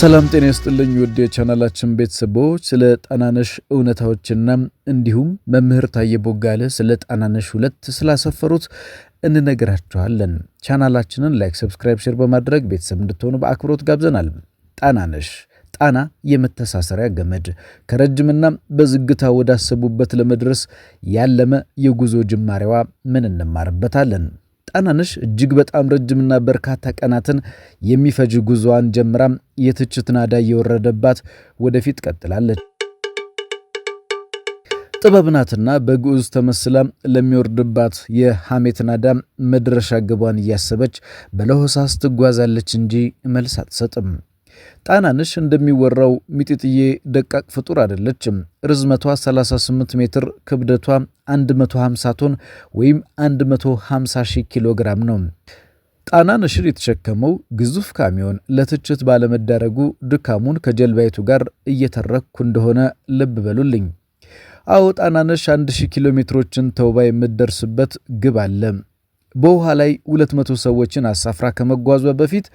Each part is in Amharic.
ሰላም ጤና ይስጥልኝ ውድ የቻናላችን ቤተሰቦች፣ ስለ ጣናነሽ እውነታዎችና እንዲሁም መምህር ታዬ ቦጋለ ስለ ጣናነሽ ሁለት ስላሰፈሩት እንነግራችኋለን። ቻናላችንን ላይክ፣ ሰብስክራይብ፣ ሼር በማድረግ ቤተሰብ እንድትሆኑ በአክብሮት ጋብዘናል። ጣናነሽ ጣና የመተሳሰሪያ ገመድ ከረጅምና በዝግታ ወዳሰቡበት ለመድረስ ያለመ የጉዞ ጅማሬዋ ምን እንማርበታለን? ጣናነሽ እጅግ በጣም ረጅምና በርካታ ቀናትን የሚፈጅ ጉዞዋን ጀምራ የትችት ናዳ እየወረደባት ወደፊት ቀጥላለች። ጥበብናትና በግዑዝ ተመስላ ለሚወርድባት የሐሜት ናዳ መድረሻ ግቧን እያሰበች በለሆሳስ ትጓዛለች እንጂ መልስ አትሰጥም። ጣናንሽ እንደሚወራው ሚጢጥዬ ደቃቅ ፍጡር አይደለችም። ርዝመቷ 38 ሜትር፣ ክብደቷ 150 ቶን ወይም 150 ሺህ ኪሎ ግራም ነው። ጣናነሽን የተሸከመው ግዙፍ ካሚዮን ለትችት ባለመዳረጉ ድካሙን ከጀልባይቱ ጋር እየተረኩ እንደሆነ ልብ በሉልኝ። አዎ ጣናነሽ 1000 ኪሎ ሜትሮችን ተውባ የምትደርስበት ግብ አለ። በውሃ ላይ 200 ሰዎችን አሳፍራ ከመጓዟ በፊት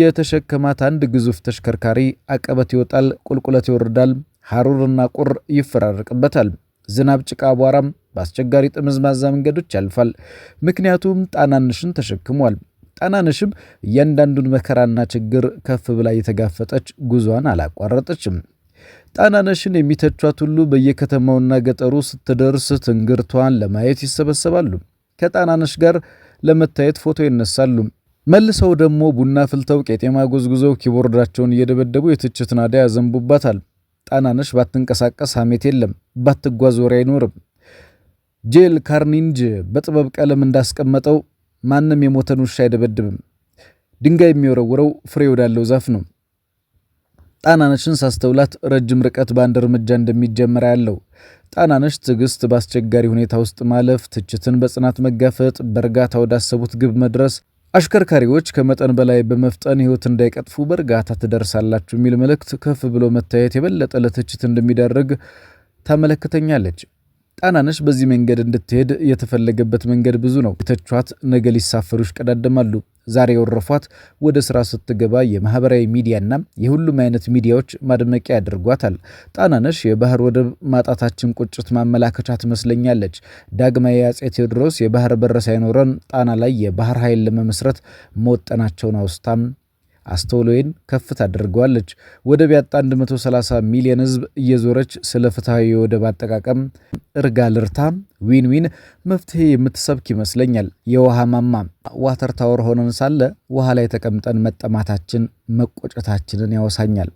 የተሸከማት አንድ ግዙፍ ተሽከርካሪ አቀበት ይወጣል፣ ቁልቁለት ይወርዳል፣ ሐሩርና ቁር ይፈራረቅበታል። ዝናብ፣ ጭቃ፣ አቧራም በአስቸጋሪ ጠመዝማዛ መንገዶች ያልፋል። ምክንያቱም ጣናንሽን ተሸክሟል። ጣናንሽም እያንዳንዱን መከራና ችግር ከፍ ብላ የተጋፈጠች ጉዟን አላቋረጠችም። ጣናነሽን የሚተቿት ሁሉ በየከተማውና ገጠሩ ስትደርስ ትንግርቷን ለማየት ይሰበሰባሉ። ከጣናነሽ ጋር ለመታየት ፎቶ ይነሳሉ። መልሰው ደግሞ ቡና ፍልተው ቄጤማ ጎዝጉዘው ኪቦርዳቸውን እየደበደቡ የትችት ናዳ ያዘንቡባታል። ጣናነሽ ባትንቀሳቀስ ሐሜት የለም፣ ባትጓዝ ወሬ አይኖርም። ጄል ካርኒንጅ በጥበብ ቀለም እንዳስቀመጠው ማንም የሞተን ውሻ አይደበድብም። ድንጋይ የሚወረውረው ፍሬ ወዳለው ዛፍ ነው። ጣናነሽን ሳስተውላት ረጅም ርቀት በአንድ እርምጃ እንደሚጀመር ያለው ጣናነሽ ትዕግስት በአስቸጋሪ ሁኔታ ውስጥ ማለፍ፣ ትችትን በጽናት መጋፈጥ፣ በእርጋታ ወዳሰቡት ግብ መድረስ አሽከርካሪዎች ከመጠን በላይ በመፍጠን ህይወት እንዳይቀጥፉ በእርጋታ ትደርሳላችሁ የሚል መልእክት ከፍ ብሎ መታየት የበለጠ ለትችት እንደሚዳርግ ታመለክተኛለች። ጣናነሽ በዚህ መንገድ እንድትሄድ የተፈለገበት መንገድ ብዙ ነው። የተቿት ነገ ሊሳፈሩ ይሽቀዳደማሉ። ዛሬ ወረፏት ወደ ስራ ስትገባ የማህበራዊ ሚዲያና የሁሉም አይነት ሚዲያዎች ማድመቂያ ያደርጓታል። ጣናነሽ የባህር ወደብ ማጣታችን ቁጭት ማመላከቻ ትመስለኛለች። ዳግማዊ አጼ ቴዎድሮስ የባህር በር ሳይኖረን ጣና ላይ የባህር ኃይል ለመመስረት መወጠናቸውን አውስታም አስተውሎዬን ከፍ ታደርገዋለች። ወደብ ያጣ 130 ሚሊዮን ህዝብ እየዞረች ስለ ፍትሐዊ የወደብ አጠቃቀም እርጋ ልርታ ዊን ዊን መፍትሄ የምትሰብክ ይመስለኛል። የውሃ ማማ ዋተር ታወር ሆነን ሳለ ውሃ ላይ ተቀምጠን መጠማታችን መቆጨታችንን ያወሳኛል።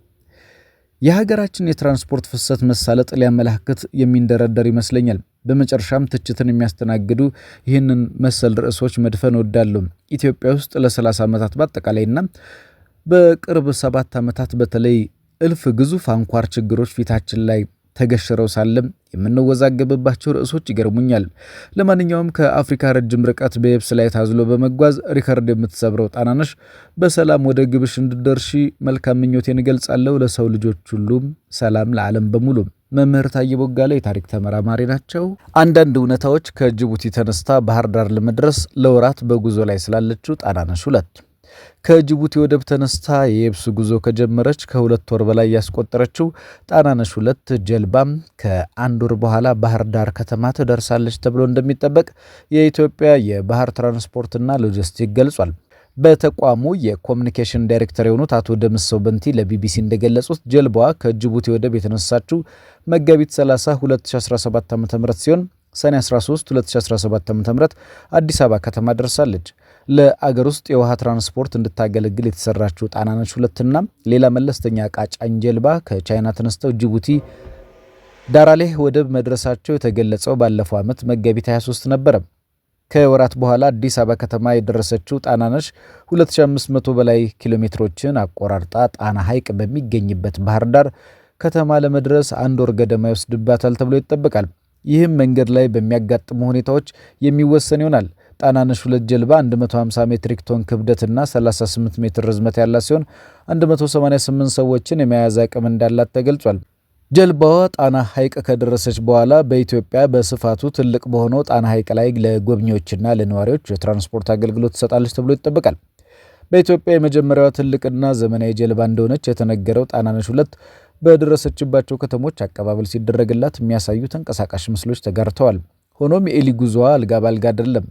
የሀገራችን የትራንስፖርት ፍሰት መሳለጥ ሊያመላክት የሚንደረደር ይመስለኛል። በመጨረሻም ትችትን የሚያስተናግዱ ይህንን መሰል ርዕሶች መድፈን እወዳለሁ። ኢትዮጵያ ውስጥ ለ30 ዓመታት በአጠቃላይና በቅርብ ሰባት ዓመታት በተለይ እልፍ ግዙፍ አንኳር ችግሮች ፊታችን ላይ ተገሽረው ሳለም የምንወዛገብባቸው ርዕሶች ይገርሙኛል። ለማንኛውም ከአፍሪካ ረጅም ርቀት በየብስ ላይ ታዝሎ በመጓዝ ሪከርድ የምትሰብረው ጣናነሽ በሰላም ወደ ግብሽ እንድደርሺ መልካም ምኞቴን እገልጻለሁ። ለሰው ልጆች ሁሉም ሰላም፣ ለዓለም በሙሉ። መምህር ታዬ ቦጋለ የታሪክ ተመራማሪ ናቸው። አንዳንድ እውነታዎች ከጅቡቲ ተነስታ ባህር ዳር ለመድረስ ለወራት በጉዞ ላይ ስላለችው ጣናነሽ ሁለት ከጅቡቲ ወደብ ተነስታ የየብስ ጉዞ ከጀመረች ከሁለት ወር በላይ ያስቆጠረችው ጣናነሽ ሁለት ጀልባም ከአንድ ወር በኋላ ባህር ዳር ከተማ ትደርሳለች ተብሎ እንደሚጠበቅ የኢትዮጵያ የባህር ትራንስፖርትና ሎጂስቲክ ገልጿል። በተቋሙ የኮሚኒኬሽን ዳይሬክተር የሆኑት አቶ ደምሰው በንቲ ለቢቢሲ እንደገለጹት ጀልባዋ ከጅቡቲ ወደብ የተነሳችው መጋቢት 30 2017 ዓ ም ሲሆን ሰኔ 13 2017 ዓ.ም አዲስ አበባ ከተማ ደርሳለች። ለአገር ውስጥ የውሃ ትራንስፖርት እንድታገለግል የተሰራችው ጣናነች ሁለትና ሌላ መለስተኛ ዕቃ ጫኝ ጀልባ ከቻይና ተነስተው ጅቡቲ ዳራሌህ ወደብ መድረሳቸው የተገለጸው ባለፈው ዓመት መጋቢት 23 ነበረ። ከወራት በኋላ አዲስ አበባ ከተማ የደረሰችው ጣናነሽ 2500 በላይ ኪሎ ሜትሮችን አቆራርጣ ጣና ሐይቅ በሚገኝበት ባህር ዳር ከተማ ለመድረስ አንድ ወር ገደማ ይወስድባታል ተብሎ ይጠበቃል። ይህም መንገድ ላይ በሚያጋጥሙ ሁኔታዎች የሚወሰን ይሆናል። ጣናነሽ ሁለት ጀልባ 150 ሜትሪክ ቶን ክብደትና 38 ሜትር ርዝመት ያላት ሲሆን 188 ሰዎችን የመያዝ አቅም እንዳላት ተገልጿል። ጀልባዋ ጣና ሐይቅ ከደረሰች በኋላ በኢትዮጵያ በስፋቱ ትልቅ በሆነው ጣና ሐይቅ ላይ ለጎብኚዎችና ለነዋሪዎች የትራንስፖርት አገልግሎት ትሰጣለች ተብሎ ይጠበቃል። በኢትዮጵያ የመጀመሪያዋ ትልቅና ዘመናዊ ጀልባ እንደሆነች የተነገረው ጣናነሽ ሁለት በደረሰችባቸው ከተሞች አቀባበል ሲደረግላት የሚያሳዩ ተንቀሳቃሽ ምስሎች ተጋርተዋል። ሆኖም የኤሊ ጉዞዋ አልጋ ባልጋ አይደለም።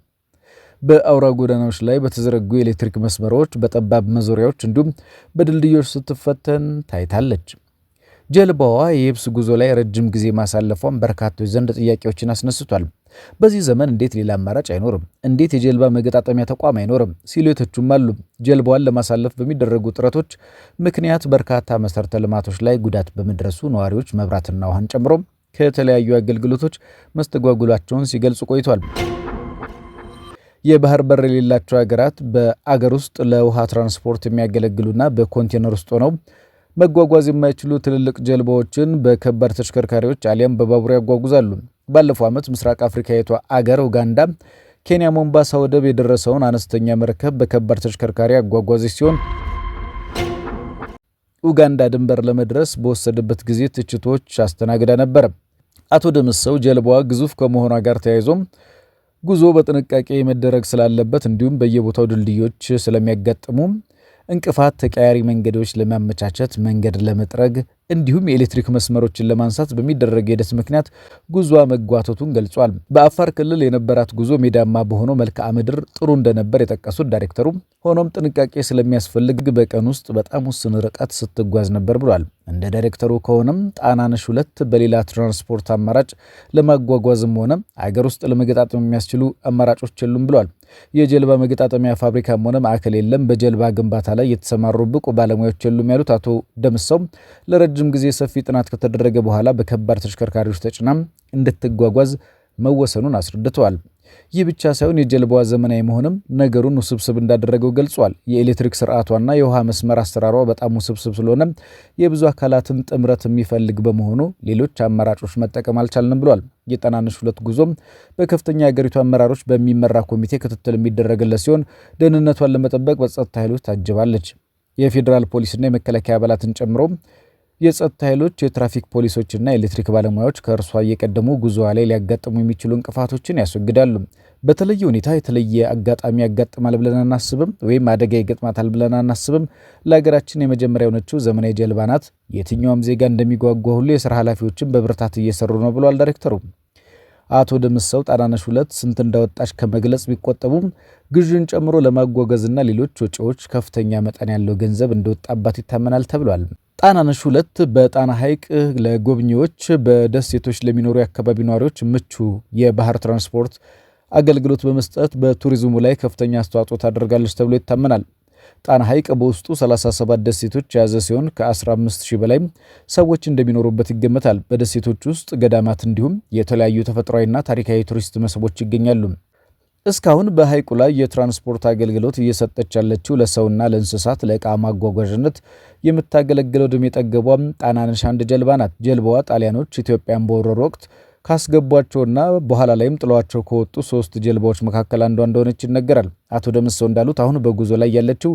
በአውራ ጎዳናዎች ላይ በተዘረጉ የኤሌክትሪክ መስመሮች፣ በጠባብ መዞሪያዎች እንዲሁም በድልድዮች ስትፈተን ታይታለች። ጀልባዋ የየብስ ጉዞ ላይ ረጅም ጊዜ ማሳለፏን በርካቶች ዘንድ ጥያቄዎችን አስነስቷል። በዚህ ዘመን እንዴት ሌላ አማራጭ አይኖርም? እንዴት የጀልባ መገጣጠሚያ ተቋም አይኖርም? ሲሉ የተቹም አሉ። ጀልባዋን ለማሳለፍ በሚደረጉ ጥረቶች ምክንያት በርካታ መሰረተ ልማቶች ላይ ጉዳት በመድረሱ ነዋሪዎች መብራትና ውሃን ጨምሮ ከተለያዩ አገልግሎቶች መስተጓጉላቸውን ሲገልጹ ቆይቷል። የባህር በር የሌላቸው ሀገራት በአገር ውስጥ ለውሃ ትራንስፖርት የሚያገለግሉና በኮንቴነር ውስጥ ሆነው መጓጓዝ የማይችሉ ትልልቅ ጀልባዎችን በከባድ ተሽከርካሪዎች አሊያም በባቡር ያጓጉዛሉ። ባለፈው ዓመት ምስራቅ አፍሪካዊቷ አገር ኡጋንዳ ኬንያ ሞምባሳ ወደብ የደረሰውን አነስተኛ መርከብ በከባድ ተሽከርካሪ አጓጓዘች ሲሆን ኡጋንዳ ድንበር ለመድረስ በወሰደበት ጊዜ ትችቶች አስተናግዳ ነበር። አቶ ደምሰው ጀልባዋ ግዙፍ ከመሆኗ ጋር ተያይዞም ጉዞ በጥንቃቄ መደረግ ስላለበት እንዲሁም በየቦታው ድልድዮች ስለሚያጋጥሙ እንቅፋት ተቀያሪ መንገዶች ለማመቻቸት መንገድ ለመጥረግ እንዲሁም የኤሌክትሪክ መስመሮችን ለማንሳት በሚደረግ ሂደት ምክንያት ጉዞ መጓተቱን ገልጿል። በአፋር ክልል የነበራት ጉዞ ሜዳማ በሆነው መልክዓ ምድር ጥሩ እንደነበር የጠቀሱት ዳይሬክተሩ፣ ሆኖም ጥንቃቄ ስለሚያስፈልግ በቀን ውስጥ በጣም ውስን ርቀት ስትጓዝ ነበር ብሏል። እንደ ዳይሬክተሩ ከሆነም ጣናነሽ ሁለት በሌላ ትራንስፖርት አማራጭ ለማጓጓዝም ሆነ አገር ውስጥ ለመገጣጠም የሚያስችሉ አማራጮች የሉም ብሏል። የጀልባ መገጣጠሚያ ፋብሪካም ሆነ ማዕከል የለም፣ በጀልባ ግንባታ ላይ የተሰማሩ ብቁ ባለሙያዎች የሉም ያሉት አቶ ደምሰው ለረጅም ጊዜ ሰፊ ጥናት ከተደረገ በኋላ በከባድ ተሽከርካሪዎች ተጭናም እንድትጓጓዝ መወሰኑን አስረድተዋል። ይህ ብቻ ሳይሆን የጀልባዋ ዘመናዊ መሆንም ነገሩን ውስብስብ እንዳደረገው ገልጿል። የኤሌክትሪክ ስርዓቷና የውሃ መስመር አሰራሯ በጣም ውስብስብ ስለሆነ የብዙ አካላትን ጥምረት የሚፈልግ በመሆኑ ሌሎች አማራጮች መጠቀም አልቻልንም ብሏል። የጠናንሽ ሁለት ጉዞም በከፍተኛ የአገሪቱ አመራሮች በሚመራ ኮሚቴ ክትትል የሚደረግለት ሲሆን ደህንነቷን ለመጠበቅ በጸጥታ ኃይሎች ታጅባለች። የፌዴራል ፖሊስና የመከላከያ አባላትን ጨምሮ የጸጥታ ኃይሎች፣ የትራፊክ ፖሊሶችና የኤሌክትሪክ ባለሙያዎች ከእርሷ እየቀደሙ ጉዞ ላይ ሊያጋጥሙ የሚችሉ እንቅፋቶችን ያስወግዳሉ። በተለየ ሁኔታ የተለየ አጋጣሚ ያጋጥማል ብለን አናስብም፣ ወይም አደጋ ይገጥማታል ብለን አናስብም። ለሀገራችን የመጀመሪያ የሆነችው ዘመናዊ ጀልባ ናት። የትኛውም ዜጋ እንደሚጓጓ ሁሉ የስራ ኃላፊዎችን በብርታት እየሰሩ ነው ብሏል ዳይሬክተሩ። አቶ ደምሰው ጣናነሽ ሁለት ስንት እንዳወጣች ከመግለጽ ቢቆጠቡም ግዥን ጨምሮ ለማጓጓዝና ሌሎች ወጪዎች ከፍተኛ መጠን ያለው ገንዘብ እንደወጣባት ይታመናል ተብሏል። ጣናነሽ ሁለት በጣና ሐይቅ ለጎብኚዎች በደሴቶች ለሚኖሩ የአካባቢ ነዋሪዎች ምቹ የባህር ትራንስፖርት አገልግሎት በመስጠት በቱሪዝሙ ላይ ከፍተኛ አስተዋጽኦ ታደርጋለች ተብሎ ይታመናል። ጣና ሐይቅ በውስጡ 37 ደሴቶች የያዘ ሲሆን ከ15000 በላይ ሰዎች እንደሚኖሩበት ይገመታል። በደሴቶች ውስጥ ገዳማት እንዲሁም የተለያዩ ተፈጥሯዊና ታሪካዊ ቱሪስት መስህቦች ይገኛሉ። እስካሁን በሐይቁ ላይ የትራንስፖርት አገልግሎት እየሰጠች ያለችው ለሰውና ለእንስሳት ለእቃ ማጓጓዣነት የምታገለግለው ዕድሜ ጠገቧም ጣናነሽ አንድ ጀልባ ናት። ጀልባዋ ጣሊያኖች ኢትዮጵያን በወረሩ ወቅት ካስገቧቸውና በኋላ ላይም ጥሏቸው ከወጡ ሶስት ጀልባዎች መካከል አንዷ እንደሆነች ይነገራል። አቶ ደምሰው እንዳሉት አሁን በጉዞ ላይ ያለችው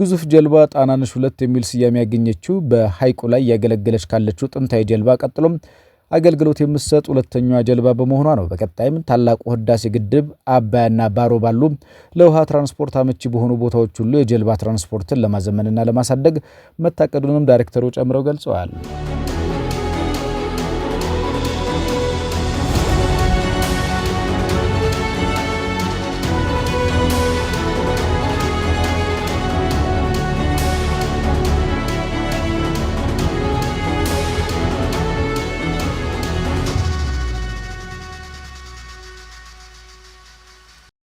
ግዙፍ ጀልባ ጣናነሽ ሁለት የሚል ስያሜ ያገኘችው በሐይቁ ላይ እያገለገለች ካለችው ጥንታዊ ጀልባ ቀጥሎም አገልግሎት የምትሰጥ ሁለተኛዋ ጀልባ በመሆኗ ነው። በቀጣይም ታላቁ ህዳሴ ግድብ አባያና ባሮ ባሉ ለውሃ ትራንስፖርት አመቺ በሆኑ ቦታዎች ሁሉ የጀልባ ትራንስፖርትን ለማዘመንና ለማሳደግ መታቀዱንም ዳይሬክተሩ ጨምረው ገልጸዋል።